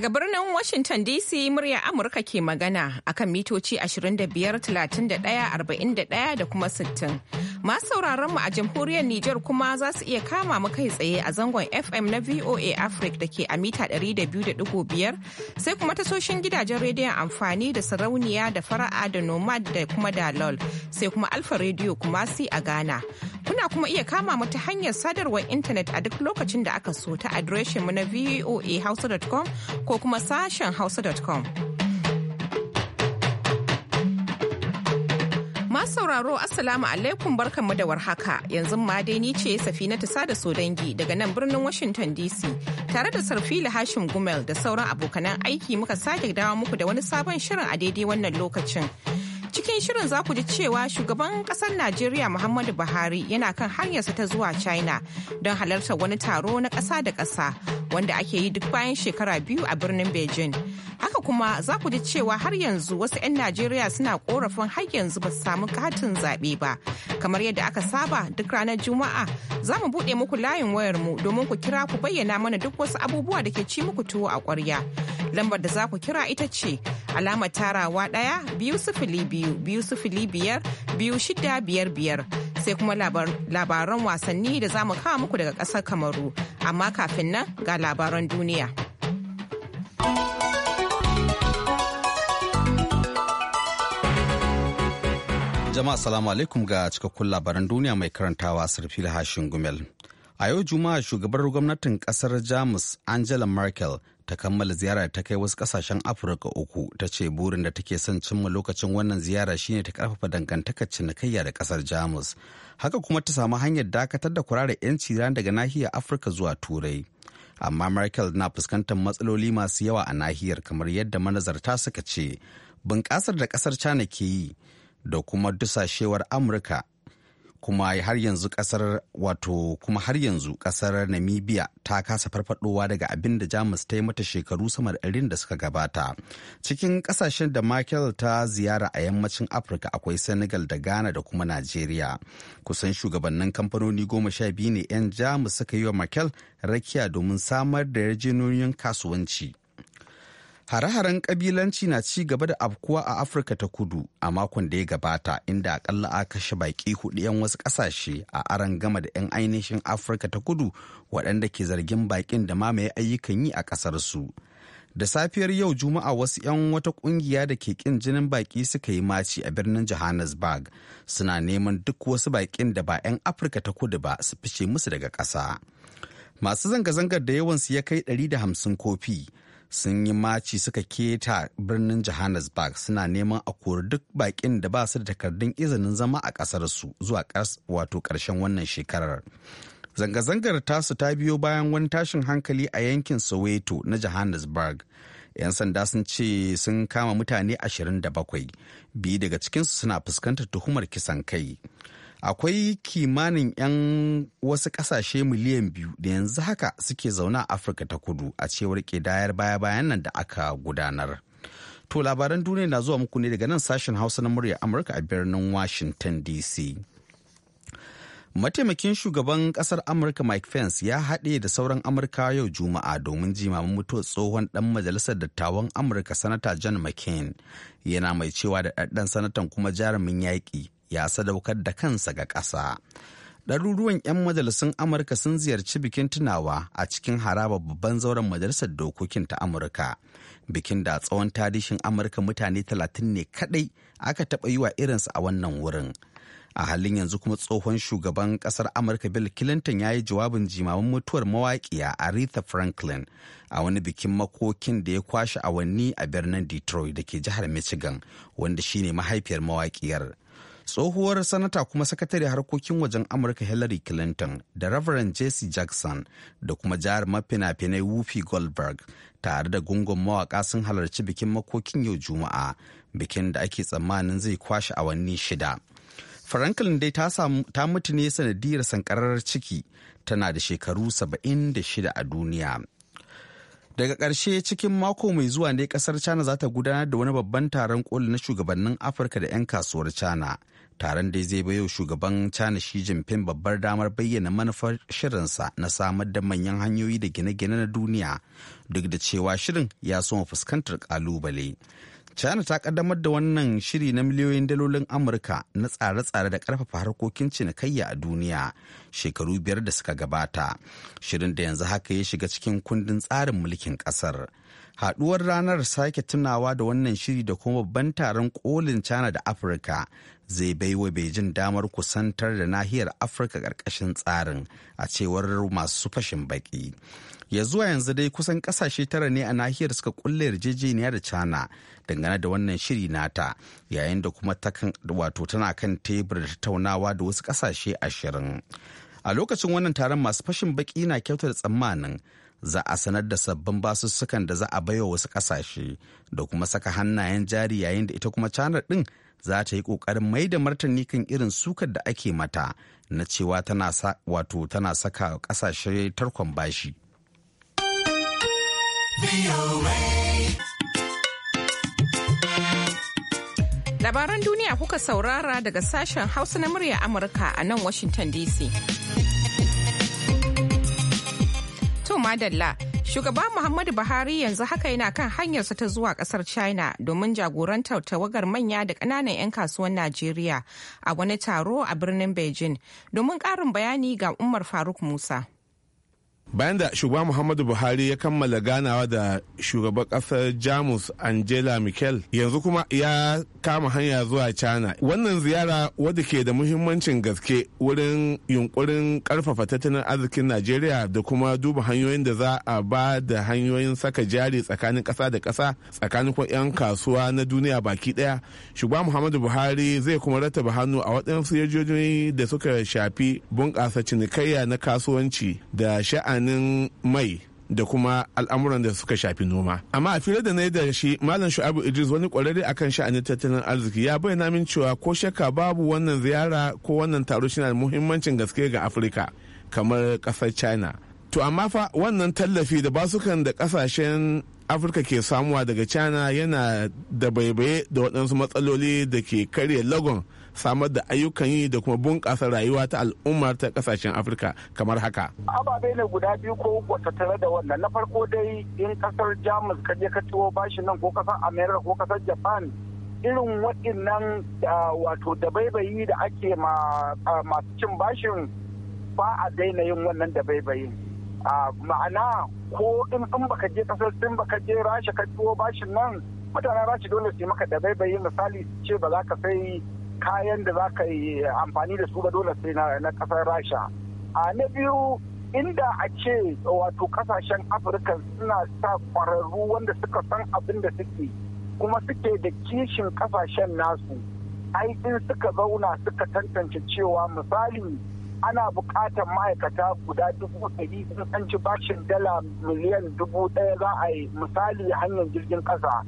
Daga birnin Washington DC murya Amurka ke magana akan mitoci 25, 31, 41 da kuma 60. Masu sauraron mu a jamhuriyar Nijar kuma za su iya kama mu kai tsaye a zangon FM na VOA Africa da ke a mita biyar? sai kuma tasoshin gidajen rediyon amfani da sarauniya da fara'a da nomad da kuma dalol sai kuma alfa rediyo kuma si a Ghana. Kuna kuma iya kama mu ta hanyar sadarwar intanet a duk lokacin da aka so ta adireshin mu na voahausa.com ko kuma sashen hausa.com. Masu sauraro Assalamu alaikum barkanmu da warhaka yanzu ma dai ni ce safina ta sada dangi daga nan birnin Washington DC tare da sarfila hashim gumel da sauran abokanan aiki muka sake dawo muku da wani sabon shirin a daidai wannan lokacin. cikin shirin za ku ji cewa shugaban kasar Najeriya Muhammadu Buhari yana kan hanyarsa ta zuwa China don halartar wani taro na ƙasa da ƙasa wanda ake yi duk bayan shekara biyu a birnin Beijing. Haka kuma za ku ji cewa har yanzu wasu 'yan Najeriya suna korafin har yanzu ba su samu katin zaɓe ba. Kamar yadda aka saba duk ranar Juma'a za mu buɗe muku layin wayarmu domin ku kira ku bayyana mana duk wasu abubuwa da ke ci muku tuwo a ƙwarya. Lambar da za ku kira ita ce alama tarawa ɗaya biyu sifili biyu biyu sifili biyar biyu shida biyar biyar. Sai kuma labaran wasanni da za mu kawo muku daga ƙasar Kamaru. Amma kafin nan ga labaran duniya. Jama'a salamu alaikum ga cikakkun labaran duniya mai karantawa sarfil hashin gumel. A yau Juma'a shugabar gwamnatin kasar Jamus Angela Merkel ta kammala ziyara ta kai wasu kasashen afirka uku ta ce burin da take son cimma lokacin wannan ziyara shine ta karfafa dangantakar cinikayya da kasar jamus haka kuma ta samu hanyar dakatar da kurare 'yanci ran daga nahiyar afirka zuwa turai amma merkel na fuskantar matsaloli masu yawa a nahiyar kamar yadda manazarta suka ce bunƙasar da kasar china ke yi da kuma dusashewar amurka kuma har yanzu kasar wato kuma har yanzu kasar namibia ta kasa farfadowa daga abin da jamus ta yi mata shekaru sama da ɗarin da suka gabata cikin kasashen da michael ta ziyara a yammacin afirka akwai senegal da ghana da kuma nigeria kusan shugabannin kamfanoni goma sha biyu ne 'yan jamus suka yi wa michael rakiya domin samar da yarjejeniyoyin kasuwanci Hare-haren ƙabilanci na ci gaba da afkuwa a Afirka ta kudu a makon da ya gabata inda akalla a kashe baƙi hudu 'yan wasu ƙasashe a aron gama da 'yan ainihin Afirka ta kudu waɗanda ke zargin baƙin da mamaye ayyukan yi a ƙasarsu. Da safiyar yau Juma'a wasu 'yan wata ƙungiya da ke ƙin jinin baƙi suka yi maci a birnin Johannesburg suna neman duk wasu baƙin da ba 'yan Afirka ta kudu ba su fice musu daga ƙasa. Masu zanga-zangar da yawansu ya kai 150 kofi. sun yi maci suka keta birnin johannesburg suna neman a kori duk bakin da ba su da takardun izinin zama a kasar su zuwa wato karshen wannan shekarar zanga-zangar tasu ta biyo bayan wani tashin hankali a yankin soweto na johannesburg 'yan sanda sun ce sun kama mutane 27 biyu daga cikinsu suna fuskantar tuhumar kisan kai akwai kimanin 'yan wasu kasashe miliyan biyu da yanzu haka suke zaune a afirka ta kudu a cewar kidayar baya-bayan nan da aka gudanar to labaran duniya na zuwa muku ne daga nan sashen hausa na murya amurka a birnin washington dc mataimakin shugaban kasar amurka mike pence ya haɗe da sauran amurka yau juma'a domin jimamin mutuwar tsohon ɗan majalisar dattawan amurka sanata john mccain yana mai cewa da ɗan sanatan kuma jarumin yaƙi ya sadaukar da kansa ga ƙasa. ɗaruruwan 'yan majalisun amurka sun ziyarci bikin tunawa a cikin haraba babban zauren majalisar dokokin ta amurka bikin da tsawon tarihin amurka mutane talatin ne kaɗai aka taɓa yi wa irinsa a wannan wurin a halin yanzu kuma tsohon shugaban ƙasar amurka bill clinton ya yi jawabin jimamin mutuwar mawaƙiya aretha franklin a wani bikin makokin da ya kwashe awanni a birnin detroit da ke jihar michigan wanda shine mahaifiyar mawaƙiyar. tsohuwar sanata kuma sakatare harkokin wajen amurka hillary clinton da reverend jesse jackson da kuma jihar mafinafinai wufi goldberg tare da gungun mawaka sun halarci bikin makokin yau juma'a bikin da ake tsammanin zai kwashe awanni shida franklin dai ta mutu ne sanadiyar sankarar ciki tana da shekaru 76 a duniya daga ƙarshe cikin mako mai zuwa ne ƙasar china za ta gudanar da wani babban taron koli na shugabannin afirka da 'yan kasuwar china taron ya zai bayo shugaban china Xi jinping babbar damar bayyana manufar shirinsa na samar da manyan hanyoyi da gine-gine na duniya duk da cewa shirin ya soma fuskantar kalubale china ta kaddamar da wannan shiri na miliyoyin dalolin amurka na tsare-tsare da karfafa harkokin cinikayya a duniya shekaru biyar da suka gabata shirin da yanzu haka ya shiga cikin kundin tsarin mulkin kasar haduwar ranar sake tunawa da wannan shiri da kuma babban taron kolin china da afirka zai baiwa Beijing damar kusantar da nahiyar Afirka ƙarƙashin tsarin a cewar masu fashin baki. Ya zuwa yanzu dai kusan ƙasashe tara ne a nahiyar suka kulle yarjejeniya da China dangane da wannan shiri nata yayin da kuma wato tana kan tebur da tattaunawa da wasu ƙasashe ashirin. A lokacin wannan taron masu fashin baki na kyautar tsammanin za a sanar da sabbin basussukan da za a baiwa wasu ƙasashe da kuma saka hannayen jari yayin da ita kuma China din? za ta yi ƙoƙarin mai da martani kan irin sukar da ake mata na cewa tana wato tana saka ƙasashe tarkon bashi. Labaran duniya kuka saurara daga sashen Hausa na murya Amurka a nan Washington DC. madalla. Shugaba Muhammadu Buhari yanzu haka yana kan hanyarsa ta zuwa kasar China domin jagorantar tawagar manya da ƙananan 'yan kasuwan Najeriya a wani taro a birnin Beijing domin ƙarin bayani ga Umar Faruk Musa. bayan da shugaba muhammadu buhari ya kammala ganawa da shugaban kasar jamus angela mikel yanzu kuma ya kama hanya zuwa china wannan ziyara wadda ke da muhimmancin gaske wurin yunkurin karfafa tattalin arzikin najeriya da kuma duba hanyoyin da za a ba da hanyoyin saka jari tsakanin kasa da kasa tsakanin kwa 'yan kasuwa na duniya baki daya shugaba muhammadu buhari zai kuma rattaba hannu a waɗansu yarjejoji da suka shafi bunƙasa cinikayya na kasuwanci da sha'an amfanin mai da kuma al'amuran da suka shafi noma. Amma a fira da na yi da shi Malam Shu'abu Idris wani kwararre akan sha'anin tattalin arziki ya bayyana min cewa ko shakka babu wannan ziyara ko wannan taro shi na da muhimmancin gaske ga Afirka kamar kasar China. To amma fa wannan tallafi da basukan da kasashen Afirka ke samuwa daga China yana da baibaye da waɗansu matsaloli da ke karya lagon samar da ayyukan yi da kuma bunƙasa rayuwa ta al'umma ta ƙasashen afirka kamar haka ababe ne guda biyu ko uku tattare da wannan na farko dai in kasar jamus ka je ka ciwo bashi nan ko kasar america ko kasar japan irin waɗannan ah, wato dabaibayi da ake ah, masu cin bashin ba a daina yin wannan dabaibayi ah, ma'ana ko in in baka je kasar sin baka je rasha ka ciwo bashin nan mutanen rashi dole su yi maka dabaibayi misali ce ba za ka sai kayan da za ka yi amfani da su ba dole sai na kasar rasha a na biyu inda a ce wato kasashen afirka suna sa kwararru wanda suka san abin da suke kuma suke da kishin kasashen nasu ai suka zauna suka tantance cewa misali ana buƙatar ma'aikata guda dubu ɗari sun an ci bashin dala miliyan dubu ɗaya za a yi misali hanyar jirgin ƙasa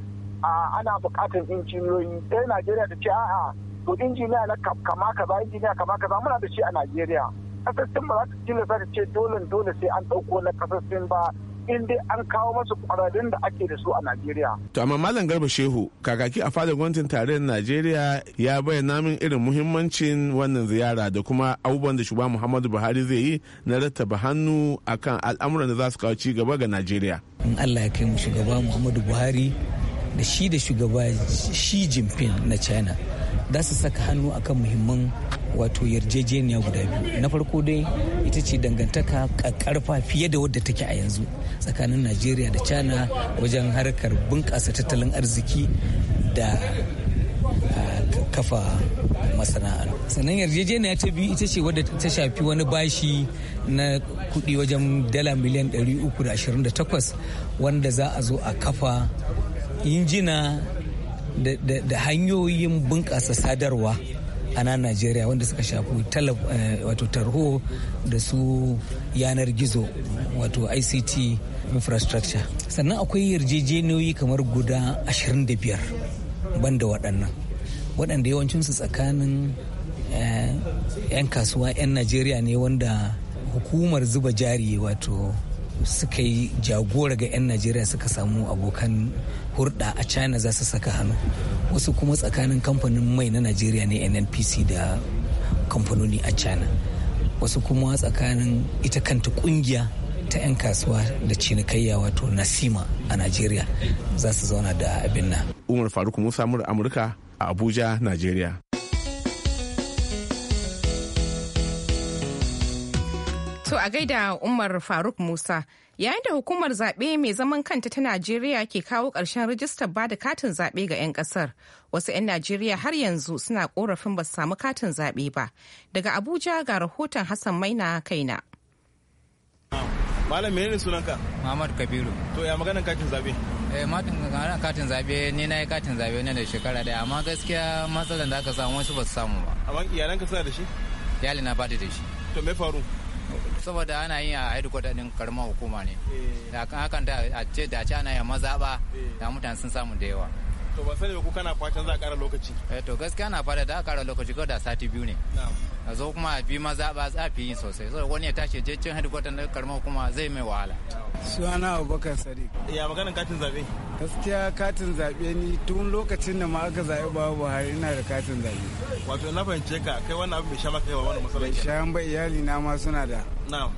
ana buƙatar injiniyoyi ɗaya najeriya ta ce a'a to injiniya na kama ka kaza injiniya kama kaza muna da shi a Najeriya kasar Sin ba za ta tilasta ta ce dole dole sai an ɗauko na kasar Sin ba in dai an kawo masu kwararrun da ake da su a Najeriya. To amma Malam Garba Shehu kakaki a fadar gwamnatin tarayyar Najeriya ya bayyana min irin muhimmancin wannan ziyara da kuma abubuwan da shugaban Muhammadu Buhari zai yi na rattaba hannu akan al'amuran da za su kawo ci gaba ga Najeriya. In Allah ya kai mu shugaba Muhammadu Buhari da shi da shugaba Xi Jinping na China za su saka hannu akan muhimman wato yarjejeniya guda biyu na farko dai ita ce dangantaka karfa fiye da wadda take a yanzu tsakanin najeriya da china wajen harkar bunkasa tattalin arziki da ah, kafa masana'antu sannan yarjejeniya ta biyu ita ce wadda ta shafi wani bashi na kuɗi wajen dala miliyan 328 wanda za a zo a kafa injina da hanyoyin bunƙasa sadarwa a nan najeriya wanda suka shafi eh, wato tarho da su yanar gizo wato ict infrastructure sannan akwai yarjejeniyoyi kamar guda 25 banda waɗannan waɗanda yawancinsu tsakanin eh, 'yan kasuwa 'yan najeriya ne wanda hukumar zuba jari wato suka yi jagora ga 'yan najeriya suka samu abokan hurɗa a china za su saka hannu wasu kuma tsakanin kamfanin mai na najeriya ne nnpc da kamfanoni a china wasu kuma tsakanin ita kanta kungiya ta 'yan kasuwa da cinikayya wato nasima a najeriya za su zauna da abin nan umar faruk musa amurka a abuja najeriya To a gaida Umar Faruk Musa yayin da hukumar zaɓe mai zaman kanta ta Najeriya ke kawo ƙarshen rijistar ba da katin zaɓe ga 'yan ƙasar. Wasu 'yan Najeriya har yanzu suna ƙorafin ba su samu katin zaɓe ba. Daga Abuja ga rahoton Hassan Maina kaina. Malam menene sunanka? Muhammad Kabiru. To ya magana katin zaɓe? Eh matin maganan katin zaɓe ni na yi katin zaɓe ne da shekara daya amma gaskiya matsalar da aka samu wasu ba su samu ba. Amma ka suna da shi? na ba da shi. To me faru? saboda ana yin a headquarter din karamar hukuma ne eh. da hakan da a ce da ce ana yin mazaɓa eh. da mutane sun samu da yawa to ba sani ku kana fatan za a ƙara lokaci eh to gaskiya na fata da kara lokaci ko da sati biyu ne a zo kuma a bi maza ba za yin sosai saboda wani ya tashi je cin hedikwatan da karamar kuma zai mai wahala suna abubakar sadiq ya maganin katin zaɓe gaskiya katin zaɓe ni tun lokacin da ma aka zaɓe ba buhari ina da katin zaɓe wato na fahimce ka kai wannan abin bai sha maka yawa wannan masallaci bai sha ba iyali na ma suna da na'am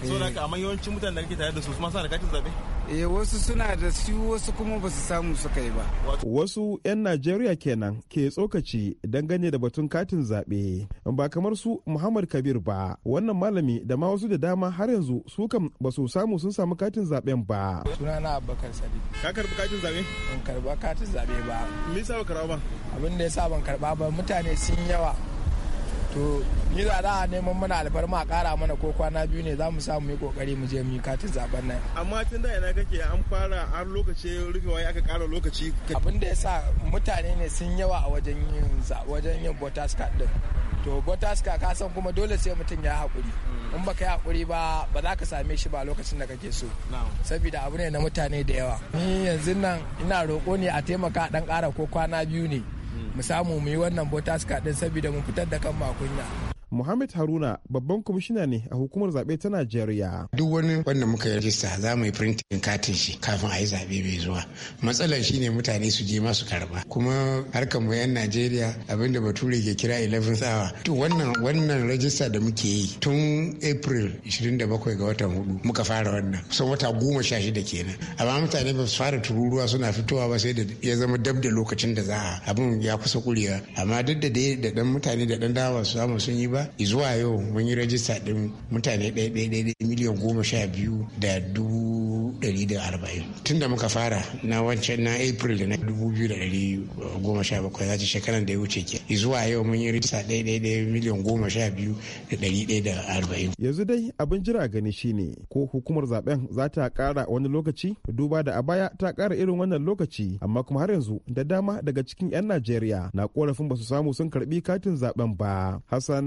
saboda eh. haka amma yawancin mutanen da kake tare da su ma suna da katin zaɓe eh wasu suna da su wasu kuma ba su samu su yi ba wasu 'yan najeriya kenan ke tsokaci dangane da batun katin zaɓe ba kamar su muhammad kabir ba wannan malami da ma wasu da dama har yanzu su kam ba su samu sun samu katin zaɓen ba sunana abubakar sadi ka karbi katin zaɓe ban karba katin zaɓe ba me yasa ba karba ba abin da yasa ban karba ba mutane sun yawa to ni za a neman mana alfarma a kara mana ko kwana biyu ne za mu samu yi kokari mu je mu yi katin zaben nan amma tun da yana kake an fara har lokaci rufewa ya aka kara lokaci abin da ya mutane ne sun yawa a wajen yin wajen yin voters din to voters card ka kuma dole sai mutum ya hakuri hmm. in baka yi hakuri ba ba za ka same shi ba lokacin da kake so saboda abu ne na mutane da yawa ni yanzu nan ina roko ne a taimaka dan kara ko kwana biyu ne mu samu mu yi wannan botas kaɗin saboda mu fitar da kan makunya Muhammad Haruna babban kwamishina ne a hukumar zaɓe ta Najeriya. Duk wani wanda muka yi rajista za mu yi printin katin shi kafin a yi zaɓe mai zuwa. Matsalar shine mutane su je masu karba. Kuma harkar mu 'yan Najeriya abinda Bature ke kira 11th hour. To wannan wannan rajista da muke yi tun April 27 ga watan hudu muka fara wannan. Kusan wata goma sha shida kenan. Amma mutane ba su fara tururuwa suna fitowa ba sai da ya zama dab da lokacin da za a abin ya kusa kurewa. Amma duk da dai da dan mutane da dan dawa su samu sun yi ba ba zuwa yau mun yi rajista din mutane ɗaya miliyan goma sha biyu da dubu dari da arba'in tun da muka fara na wancan na april da na dubu biyu da dari goma sha bakwai za shekaran da ya wuce ke zuwa yau mun yi rajista ɗaya miliyan goma sha biyu da ɗaya da arba'in. yanzu dai abin jira gani shine ko hukumar zaben za ta kara wani lokaci duba da a baya ta kara irin wannan lokaci amma kuma har yanzu da dama daga cikin 'yan najeriya na korafin ba su samu sun karɓi katin zaben ba hassan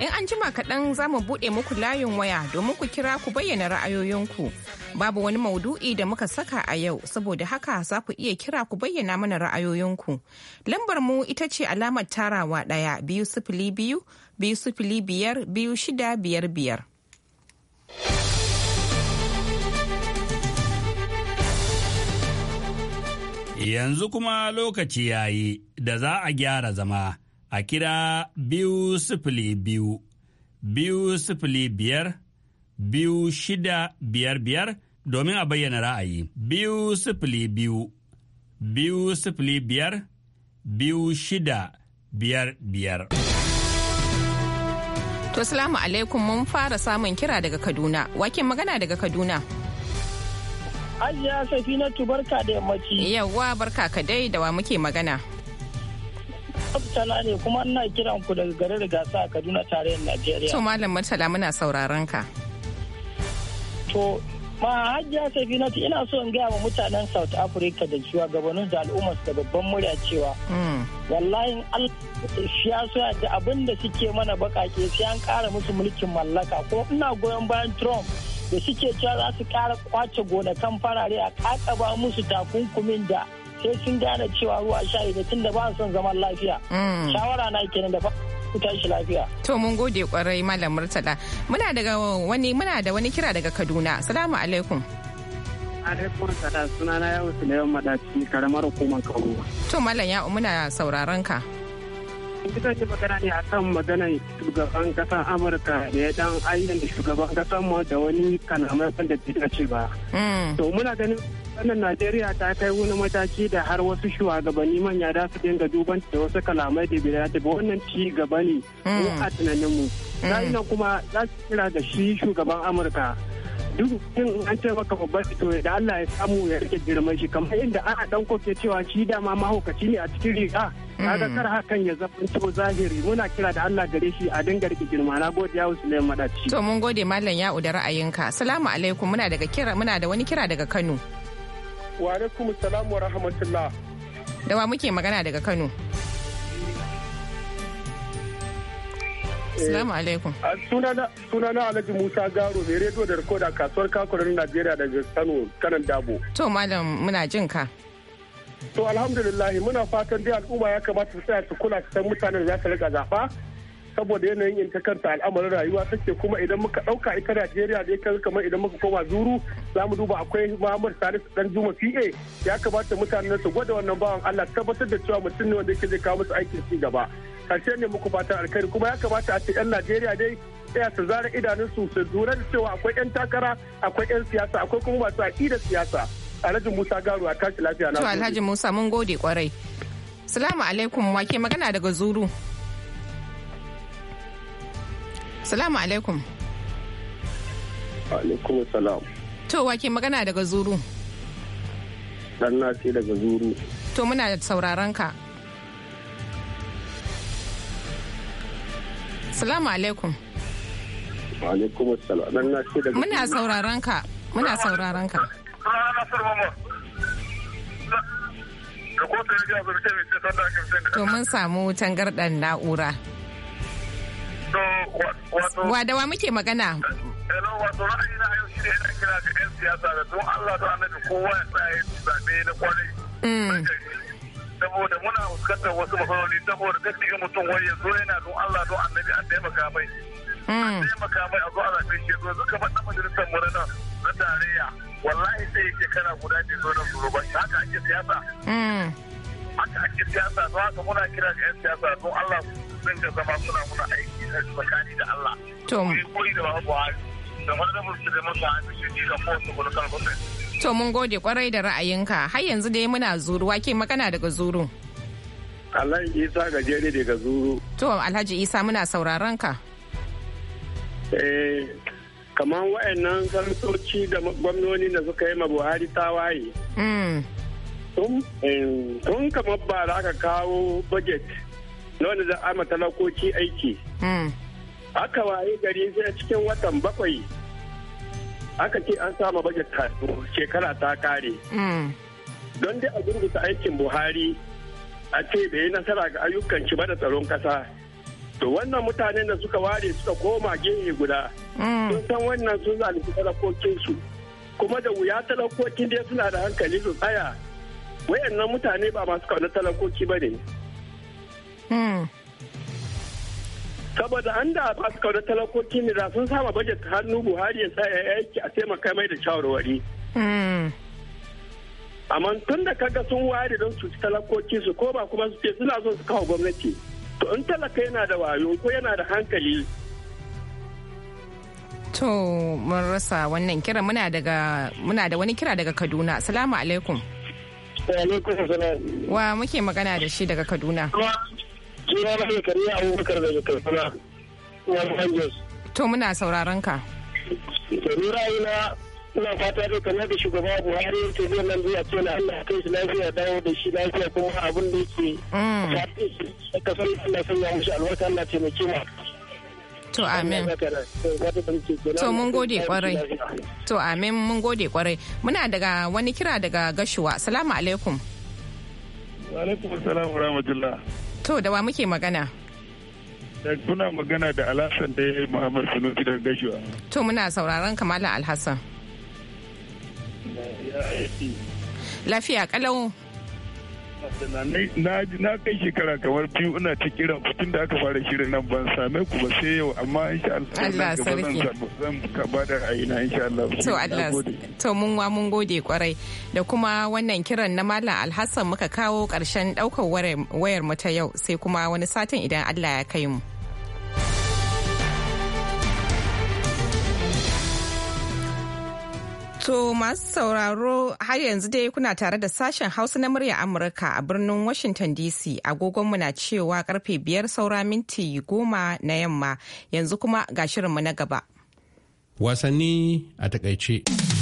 In an jima kaɗan za mu buɗe muku layin waya domin ku kira ku bayyana ra'ayoyinku. Babu wani maudu'i da muka saka a yau saboda haka za ku iya kira ku bayyana mana ra'ayoyinku. Lambar mu ita ce alamar tarawa ɗaya biyu sifili biyu biyu sifili biyar biyu shida biyar biyar. Yanzu kuma lokaci yayi da za a gyara zama. a kira biyu sifili biyu biyu sifili biyar biyu shida biyar biyar domin a bayyana ra'ayi biyu sifili biyu biyu sifili biyar biyu shida biyar biyar. To salamu alaikum mun fara samun kira daga Kaduna wakin magana daga Kaduna. Ajiya Safinatu barka da yammaci. Yawwa barka ka dai da wa muke magana. Murtala ne kuma ina kiran ku daga garin gasa a Kaduna tarayyar Najeriya. To Malam Murtala muna sauraron ka. To ma hajjiya safinatu ina so in gaya wa mutanen south africa da gabanin da su da babban murya cewa mm. wallahi ya so da abin da suke mana bakake sai an kara musu mulkin mallaka ko ina goyon bayan trump da suke cewa za su kara kwace gonakan farare a kakaba musu takunkumin da sai sun gane cewa ruwa shayi da tunda ba son zaman lafiya mm. shawara na kenan da ku tashi lafiya to mun gode kwarai malam murtala muna daga wani muna da wani kira daga kaduna assalamu alaikum alaikum salam sunana ya wuce yawan madaci karamar hukumar kauru to malam ya muna sauraron ka ita ce magana ne akan maganar shugaban kasar amurka da ya dan ayyana shugaban kasar mu da wani kanamai da bai ce ba mm. to muna ganin wannan najeriya ta kai wani mataki da har wasu shugabanni manya da su dinga duban da wasu kalamai da bai ba wannan ci gaba ne mu mm. a tunaninmu mm. nan kuma za su kira da shi shugaban amurka duk in an ce maka babban fito da Allah ya samu ya rike girman shi kamar inda ana dan koke cewa shi dama mahaukaci ne a cikin riga kaga mm. kar hakan ya zamanto zahiri muna kira da Allah gare shi a dinga rike girma na gode yawo Sulaiman Madaci to mun gode mallam ya'u da ra'ayinka assalamu alaikum muna daga kira muna da wani kira daga Kano Wa alaikum wa rahmatullah. Da muke magana daga Kano? Eh, Salamu alaikum. Sunana Alhaji Musa Garo mai rediyo da rikoda kasuwar kakunan Najeriya daga Kano kanan Dabo. To malam muna jin ka. To alhamdulillah muna fatan dai al'umma ya kamata su tsaya su kula su san mutanen da za su rika zafa saboda yanayin in ta kanta al'amarin rayuwa take kuma idan muka ɗauka ita Najeriya da yake kamar idan muka koma zuru za mu duba akwai Muhammad Salisu dan Juma PA ya kamata mutanen su gwada wannan bawan Allah tabbatar da cewa mutum ne wanda yake zai kawo musu aikin ci gaba karshe ne muku fatan alkhairi kuma ya kamata a ce 'yan Najeriya dai tsaya su zara idanun su lura da cewa akwai 'yan takara akwai 'yan siyasa akwai kuma masu aƙidar siyasa alhaji musa garu a tashi lafiya na alhaji musa mun gode kwarai salamu alaikum wake magana daga zuru Salamu alaikum. Alaikum salam. To wake magana daga Zuru. Dan na ce daga Zuru. To muna da sauraron ka. Salamu alaikum. Alaikum salam. Dan na ce daga Muna sauraron ka. Muna sauraron ka. To mun samu garɗan na'ura. wato. wa muke magana. Hello, eh, wato ra'ayi na yau shi ne yana kira ga 'yan siyasa da don Allah da annabi kowa ya tsaya zaɓe na kwarai. Mm. Saboda muna fuskantar wasu matsaloli saboda duk daga mutum wai ya zo yana don Allah don annabi a taimaka mai. A mm. taimaka mai a zo a zaɓe shi zo zuka faɗa majalisar mu na tarayya. Wallahi sai yake kana guda ce zo na shugaba haka ake siyasa. Mm. haka ake siyasa don haka muna kira ga 'yan siyasa don Allah sun ga zama suna muna aiki na tsakani da Allah. To. Koyi da babu Buhari. Da wani su da masu hannu shi ne ga kowace gwamnatin gwamnati. To mun gode kwarai da ra'ayinka har yanzu dai muna zuru,wa ke magana daga zuru. Alhaji Isa gajere daga zuru. To Alhaji Isa muna sauraron ka. Eh kamar wa'annan sansoci da gwamnoni da suka yi ma Buhari tawaye. Mm. Eh, tun kamar ba za ka kawo budget na wanda za a matalakoki aiki hmm. aka waye gari sai cikin watan bakwai aka ce an sama budget kasu shekara ta kare hmm. don dai a gurgusa aikin buhari a ce bai yi nasara ga ayyukan shi ba da tsaron kasa to wannan mutanen da suka ware suka koma gehe guda hmm. sun san wannan sun zalunci talakokinsu kuma da wuya talakokin dai suna da hankali su tsaya wayannan mutane ba masu kaunar talakoki ba ne hmm. saboda an da ba su kaunar talakoki ne da sun sama bajet hannu buhari ya sa aiki a taimaka mai da shawarwari hmm. amma tun da kaga sun ware don su talakoki su ko ba kuma su ce suna so su kawo gwamnati to in talaka yana da wayo ko yana da hankali to mun rasa wannan kira muna da wani kira daga kaduna assalamu alaikum Wa muke magana da shi daga Kaduna. Suna na Shekari Abubakar daga Kaduna. To muna sauraron ka. Ni ra'ayina ina fata dai kamar da shugaba Buhari yake zai nan zai ce na Allah kai shi lafiya dawo da shi lafiya kuma abin da yake. Mm. Kasar Allah sun ya mushi albarka Allah taimake mu. To amin. To mun gode kwarai. To amin mun gode kwarai. Muna daga wani kira daga gashuwa. Salamu alaikum. Wa alaikum salam wa rahmatullah. To da wa muke magana? Kuna magana da Alhassan da ya yi Muhammad Sanusi daga gashuwa. To muna sauraron kamala Alhassan. Lafiya kalau na kai shekara kamar biyu ina ta kiran tun da aka fara shirin nan ban same ku ba sai yau amma insha Allah Allah sarki zan ka bada na insha Allah to Allah to mun wa mun gode kwarai da kuma wannan kiran na Malam Alhassan muka kawo karshen daukar wayar mu ta yau sai kuma wani satin idan Allah ya kai mu To masu sauraro har yanzu dai kuna tare da sashen Hausa na murya Amurka a birnin Washington DC agogonmu na cewa karfe biyar saura minti goma na yamma yanzu kuma ga shirinmu na gaba. Wasanni a takaice.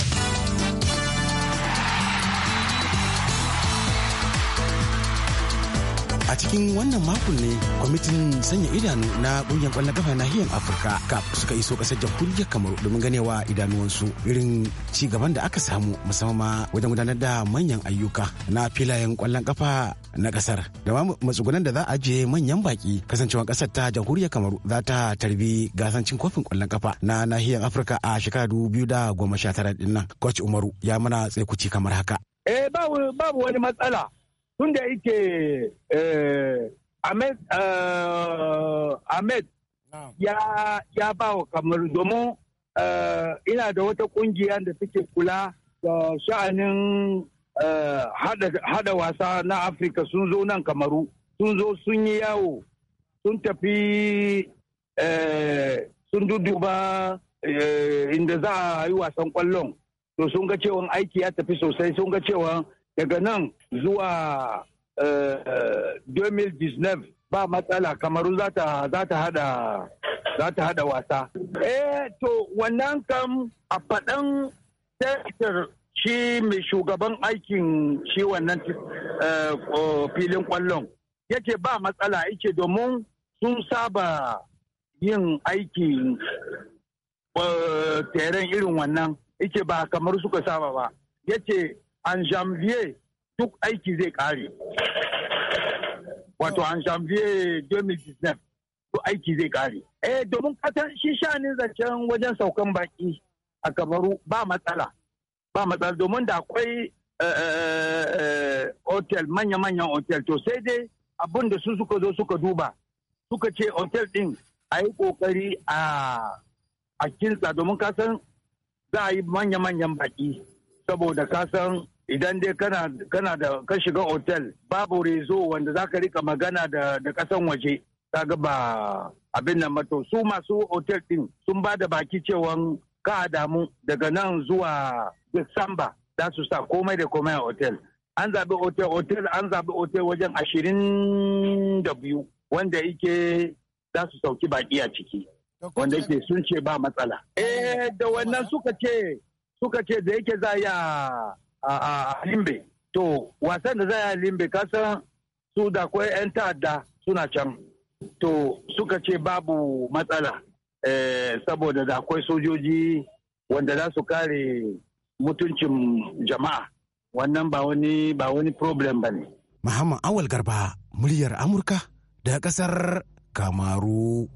a cikin wannan makon ne kwamitin sanya idanu na kungiyar kwallon kafa nahiyar afirka kaf suka iso kasar jamhuriyar kamaru domin ganewa idanuwansu irin ci gaban da aka samu musamman wajen gudanar da manyan ayyuka na filayen kwallon kafa na kasar da ma matsugunan da za a je manyan baki kasancewar kasar ta jamhuriyar kamaru za ta tarbi gasancin kofin kwallon kafa na nahiyar afirka a shekara dubu biyu da goma sha tara dinnan nan umaru ya mana tsaikuci kamar haka eh babu wani matsala tunda yake eh, ahmed eh, ya ba wa kamar domin eh, ina da wata kungiya da take kula da sha'anin hada wasa na afirka sun zo nan kamaru sun zo sun yi yawo sun tafi sun duduba inda za a yi wasan kwallon to sun ga cewa aiki ya tafi sosai sun ga cewa daga nan zuwa 2019 eh, eh, ba matsala kamaru za ta hada za ta hada wasa. Eh to wannan kam a faɗan sektar shi mai shugaban aikin shi wannan eh, filin kwallon yake ba matsala yake domin sun saba yin aikin teren irin wannan yake ba kamar suka saba ba yake an janvier duk aiki zai kare wato an janvier 2019 duk aiki zai kare eh domin kasan shi sha'anin zancen wajen saukan baki a kamaru ba matsala ba matsala domin da akwai eh, eh, eh, hotel manya-manyan hotel to sai dai abin da su suka zo suka duba suka ce hotel din a yi kokari a a kinsa domin kasan za a yi manya-manyan baki saboda kasan idan dai kana da ka shiga otel babu rezo wanda za ka rika magana da da kasan waje kaga ba abin nan mato su masu otel din sun ba da baki cewa ka damu daga nan zuwa Disamba za su sa komai da komai a otel an zabi otel otel an zabi otel wajen ashirin da biyu wanda yake za su sauki baki a ciki wanda yake sun ce ba matsala eh da wannan suka ce suka ce da yake za ya a Limbe. To wasan da za a Limbe kasan su da kwai 'yan ta'adda suna can. To suka ce babu matsala eh, saboda da akwai sojoji wanda za su kare mutuncin jama'a wannan ba wani ba wani problem ba ne. Muhammad Awal Garba muryar Amurka da ƙasar Kamaru.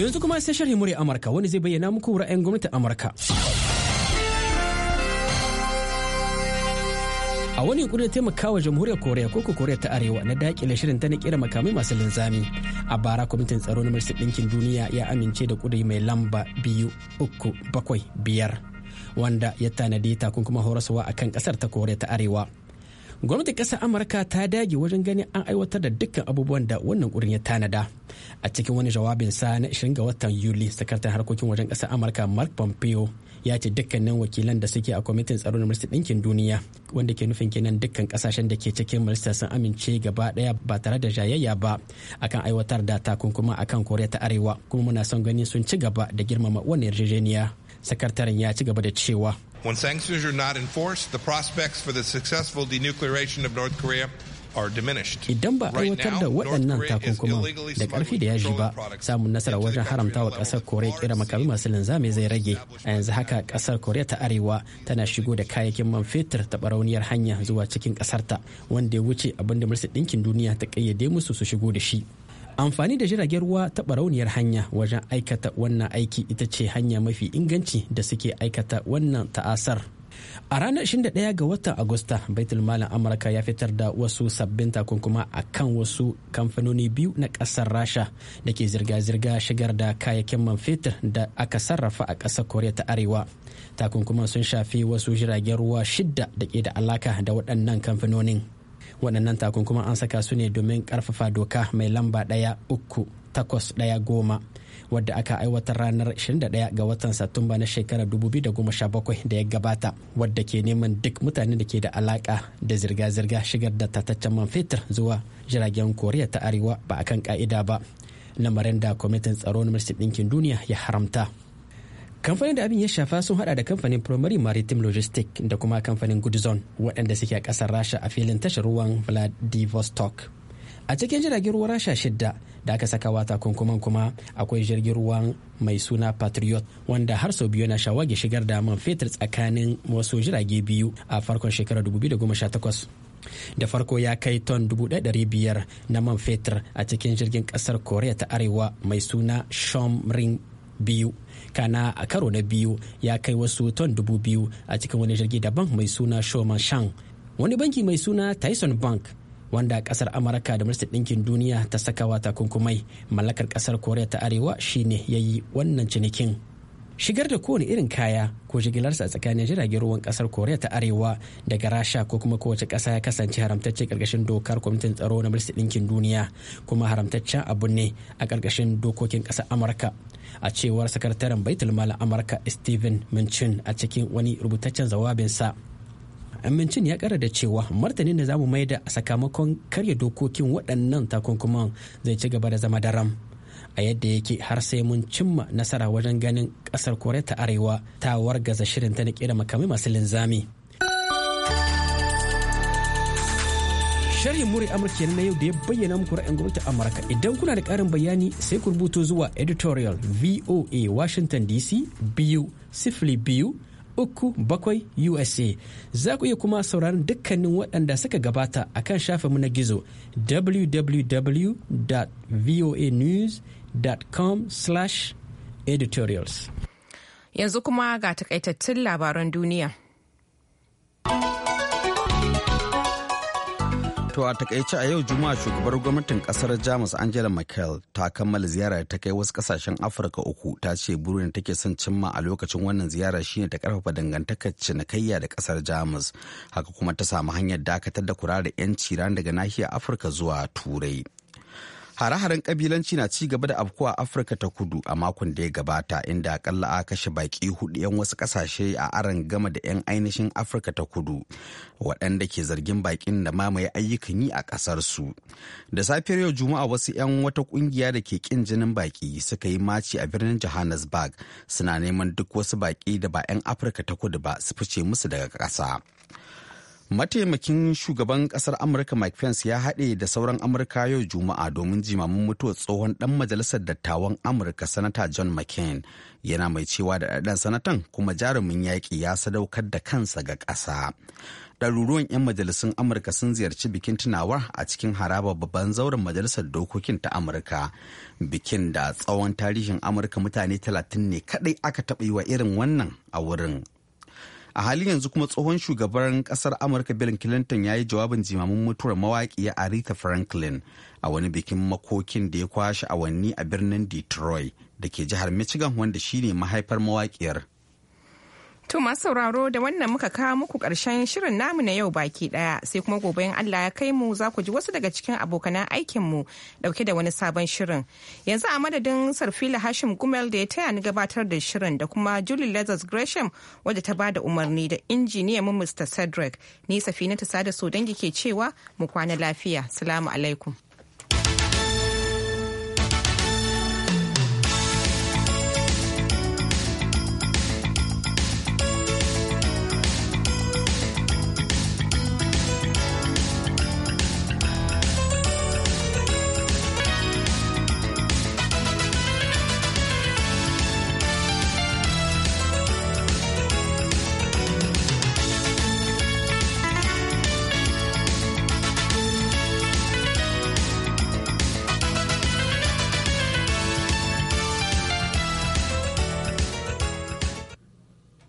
To yanzu kuma sai sharhi murya Amurka wani zai bayyana muku ra'ayin gwamnatin Amurka. a wani yunkuri da taimakawa jamhuriyar koriya koko koriya ta arewa na dakile shirin ta na kira makamai masu linzami a bara kwamitin tsaro na majalisar ɗinkin duniya ya amince da kudi mai lamba biyu uku bakwai biyar wanda ya tanadi takunkuma horaswa a kan ƙasar ta koriya ta arewa gwamnatin ƙasar amurka ta dage wajen ganin an aiwatar da dukkan abubuwan da wannan ƙurin ya tanada a cikin wani jawabin sa na 20 ga watan yuli sakataren harkokin wajen ƙasar amurka mark pompeo ya ce dukkanin wakilan da suke a kwamitin tsaro na majalisar ɗinkin duniya wanda ke nufin kenan dukkan kasashen da ke cikin majalisar sun amince gaba ɗaya ba tare da jayayya ba akan aiwatar da takunkuma akan koriya ta arewa kuma muna son gani sun ci gaba da girmama wannan yarjejeniya sakataren ya ci gaba da cewa When sanctions are not enforced, the prospects for the successful denuclearation of North Korea Idan ba a aiwatar da waɗannan takunkuman da ƙarfi da yaji ba, samun nasara wajen haramta wa ƙasar Koriya ƙera makami masu linzami zai rage. A yanzu haka ƙasar Koriya ta Arewa tana shigo da kayayyakin man fetur ta barauniyar hanya zuwa cikin ƙasarta, wanda ya wuce abin da Majalisar Ɗinkin Duniya ta ƙayyade musu su shigo da shi. amfani da jiragen ruwa ta barauniyar hanya wajen aikata wannan aiki ita ce hanya mafi inganci da suke aikata wannan ta'asar a ranar 21 ga watan agusta baitul malam amurka ya fitar da wasu sabbin takunkuma a kan wasu kamfanoni biyu na kasar rasha da ke zirga-zirga shigar da kayayyakin man fetur da aka sarrafa a kasar koriya ta arewa takunkuman sun shafi wasu jiragen ruwa shidda da ke da alaka da waɗannan kamfanonin waɗannan takunkuma an saka su ne domin ƙarfafa doka mai lamba ɗaya uku takwas ɗaya goma wadda aka aiwatar ranar 21 ga watan satumba na shekarar 2017 da ya gabata wadda ke neman duk mutane da ke da alaka da zirga-zirga shigar da tataccen man fetur zuwa jiragen koriya ta arewa ba a kan ka'ida ba lamarin da kwamitin tsaro na ɗinkin duniya ya haramta kamfanin da abin ya shafa sun hada da kamfanin primary maritime logistic da kuma kamfanin good zone waɗanda suke a ƙasar rasha a filin tashar ruwan vladivostok a cikin jiragen ruwa rasha shidda da aka saka wa takunkuman kuma akwai jirgin ruwan mai suna patriot wanda har sau biyu na shawage shigar da man fetur tsakanin wasu jirage biyu a farkon shekarar 2018 da farko ya kai ton 1,500 na man fetur a cikin jirgin kasar korea ta arewa mai suna shomring biyu kana a karo na biyu ya kai wasu ton dubu biyu a cikin wani jirgi da daban mai suna shoman shang wani banki mai suna tyson bank wanda kasar amurka da Ministan dinkin duniya ta sakawa takunkumai mallakar kasar koriya ta arewa shine ya yi wannan cinikin shigar da kowane irin kaya ko shigilarsa a tsakanin jiragen ruwan kasar koriya ta arewa daga rasha ko kuma kowace ƙasa ya kasance haramtacce karkashin dokar kwamitin tsaro na Ministan ɗinkin duniya kuma haramtaccen abu ne a karkashin dokokin kasar amurka a cewar sakataren baitul mal amurka steven minchin a cikin wani rubutaccen jawabinsa amincin ya kara da cewa martanin da zamu maida a sakamakon karya dokokin waɗannan takunkuman zai ci gaba da zama daram a yadda yake har sai mun cimma nasara wajen ganin ƙasar koriya ta arewa ta wargaza shirin ta na kera makamai masu linzami sharhin muri amurka na yau da ya bayyana muku ra'ayin gwamnatin amurka idan kuna da ƙarin bayani sai ku rubuto zuwa editorial voa washington dc biyu sifili biyu uku bakwai usa za ku iya kuma sauraron dukkanin waɗanda suka gabata a kan shafinmu na gizo www.voanews.com editorials yanzu kuma ga takaitattun labaran duniya. To a takaice a yau Juma'a shugabar gwamnatin kasar Jamus Angela Merkel ta kammala ziyara ta kai wasu kasashen Afirka uku ta ce burin da take son cimma a lokacin wannan ziyara shine ta karfafa dangantakar cinikayya da kasar Jamus haka kuma ta samu hanyar dakatar da kura da 'yanci rana daga nahiyar Afirka zuwa Turai. Hare-haren kabilanci na ci gaba da a Afirka ta kudu a makon da ya gabata inda akalla a kashe baki hudu 'yan wasu kasashe a aron gama da 'yan ainihin Afirka ta kudu waɗanda ke zargin bakin da mamaye ayyukan yi a ƙasarsu. Da safiyar yau Juma'a wasu 'yan wata ƙungiya da ke ƙin jinin baki suka yi maci a birnin Johannesburg suna neman duk wasu baki da ba 'yan Afirka ta kudu ba su fice musu daga ƙasa. mataimakin shugaban kasar amurka mike pence ya haɗe da sauran amurka yau juma'a domin jimamin mutuwar tsohon ɗan majalisar dattawan amurka sanata john mccain yana mai cewa da ɗan sanatan kuma jarumin yaƙi ya sadaukar da kansa ga ƙasa ɗaruruwan 'yan majalisun amurka sun ziyarci bikin tunawa a cikin haraba babban zauren majalisar dokokin ta amurka bikin da tsawon tarihin amurka mutane 30 ne kaɗai aka taɓa yi wa irin wannan a wurin a halin yanzu kuma tsohon shugaban kasar amurka bill clinton ya yi jawabin jimamin mutuwar mawaƙiya aretha franklin a wani bikin makokin da ya kwashe awanni a birnin detroit da ke jihar michigan wanda shine mahaifar mawaƙiyar To masu sauraro da wannan muka kawo muku ƙarshen shirin namu na yau baki ɗaya sai kuma gobe in Allah ya kai mu za ku ji wasu daga cikin abokanan mu ɗauke da wani sabon shirin. Yanzu a madadin Sarfila Hashim Gumel da ya taya ni gabatar da shirin da kuma Julie Lazarus Gresham wadda ta bada umarni da injiniya mu Mr. Cedric. Ni Safina ta sada so dangi ke cewa mu kwana lafiya. Salamu alaikum.